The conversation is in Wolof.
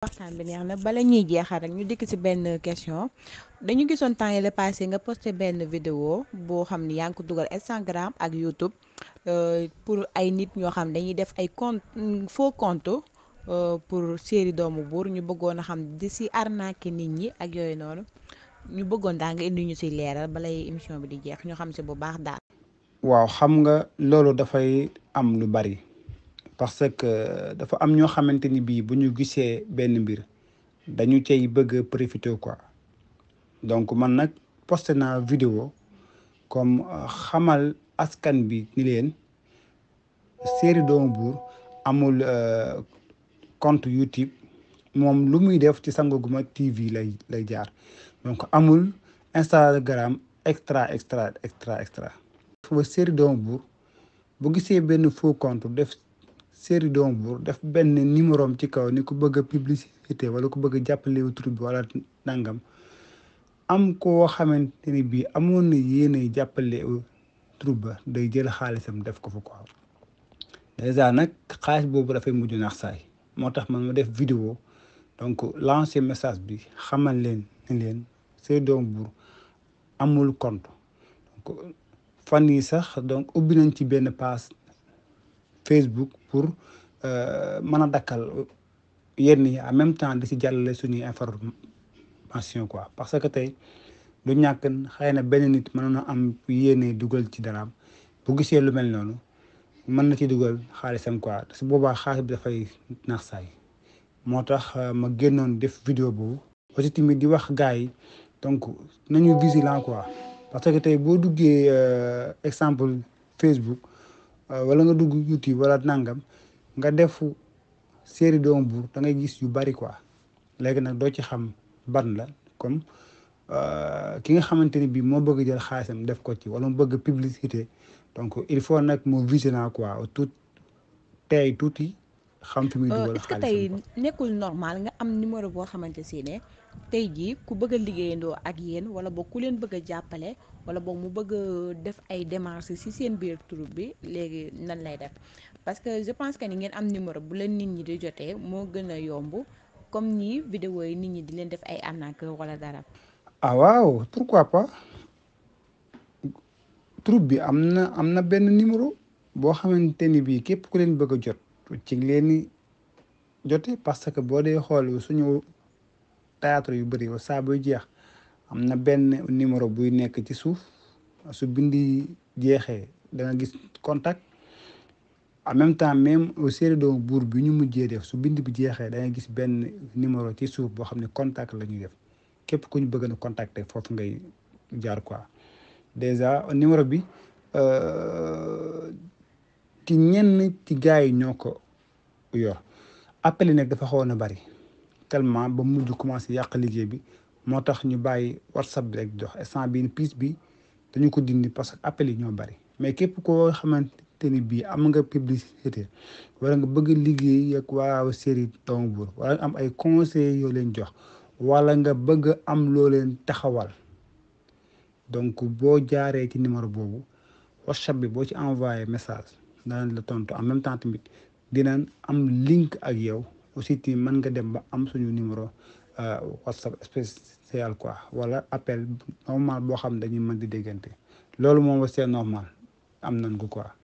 waxtaan bi neex na bala ñuy jeexal rek ñu dikk ci benn question dañu gisoon temps yi la passé nga posté benn vidéo boo xam ne yaa ngi ko dugal Instagram ak YouTube euh, pour ay nit ñoo xam dañuy def ay compte faux compte euh, pour série doomu buur ñu bëggoon a xam di ci arnaqué nit ñi ak yooyu noonu ñu bëggoon daa nga indi ñu ci leeral balay émission bi di jeex ñu xam ci bu baax daal. waaw xam nga loolu dafay am lu bari. parce que dafa am ñoo xamante ni bii bu ñu gisee benn mbir dañu cay bëgg profité quoi donc man nag posté naa vidéo comme euh, xamal askan bi ni leen série Doomu Buur amul euh, compte YouTube moom lu muy def ci Sango Gouma TV lay jaar donc amul Instagram extra extra extra extra. foofu série Doomu Buur bu gisee benn faux compte def. Seri Dombour def benn numéro am ci kaw ni ku bëgg a publicité wala ku bëgg a jàppale wu tur bi wala nangam am koo xamante ni bii amoon na yéenay jàppale wu ba day jël xaalisam def ko fa ko dèjà nag xaalis boobu dafay mujj nax saay moo tax man ma def vidéo donc lancer message bi xamal leen ni leen Seri Dombour amul compte donc fan yi sax donc ubbi nañ ci benn paas. Facebook pour euh, mën a dakkal yenn yi en même temps di si jàllale suñu information quoi parce que tey du ñàkk xëy na benn nit mënoon na am yéene dugal ci daraam bu gisee lu mel noonu mën na ci dugal xaalisam quoi su boobaa xaalis bi dafay nax saay moo tax euh, ma génnoon def vidéo boobu aussi tamit di wax gars yi donc nañu vigilant quoi parce que tey boo duggee euh, exemple Facebook Euh, wala nga dugg YouTube wala nangam nga def série Dombourg da ngay gis yu bari quoi léegi nag doo ci xam ban la comme euh, ki nga xamante ni bii moo bëgg jël xaalisam def ko ci wala mu bëgg publicité donc il faut nag mu visionner quoi tout tey tuuti. xam fi muy euh, que tey nekkul normal nga am numéro boo xamante si ne tey jii ku bëgg liggéeyandoo ak yéen wala boog ku leen bëgg a jàppale wala boog mu bëgg def ay démarches si seen biir troupe bi léegi nan lay def parce que je pense que ni ngeen am numéro bu leen nit ñi di jotee moo gën a yomb comme ni vidéo yi nit ñi di leen def ay arnaque wala dara. ah waaw pourquoi pas troupe bi am na am na benn numéro boo xamante nit bii képp ku leen bëgg a jot. ci leen ni jote parce que boo dee xool suñu théâtre yu bëri saa buy jeex am na benn numéro buy nekk ci suuf su bindi jeexee da gis contact en même temps même au série doomu buur bi ñu mujjee def su bind bu jeexee da gis benn numéro ci suuf boo xam ne contact la ñuy def képp ku ñu bëgg na contacter foofu ngay jaar quoi déjà numéro bi euh, ci ñenn ci gars yi ñoo ko yor appel yi nag dafa xawoon a bari tellement ba mujj commencé yàq liggéey bi moo tax ñu bàyyi whatsapp bi rek jox instant bii piis bi dañu ko dindi parce que appel yi ñoo bari mais képp koo xamante ni bii am nga publicité wala nga bëgg liggéey ak waa série Doomu am ay conseils yoo leen jox wala nga bëgg am loo leen taxawal donc boo jaaree ci numéro boobu whatsapp bi boo ci envoyé message danañ la tontu en même temps tamit dinañ am link ak yow aussi ti man nga dem ba am suñu numéro euh, whatsapp spécial quoi wala appel normal boo xam ne dañuy mën di déggante loolu moom wa c'est normal am nañ ko quoi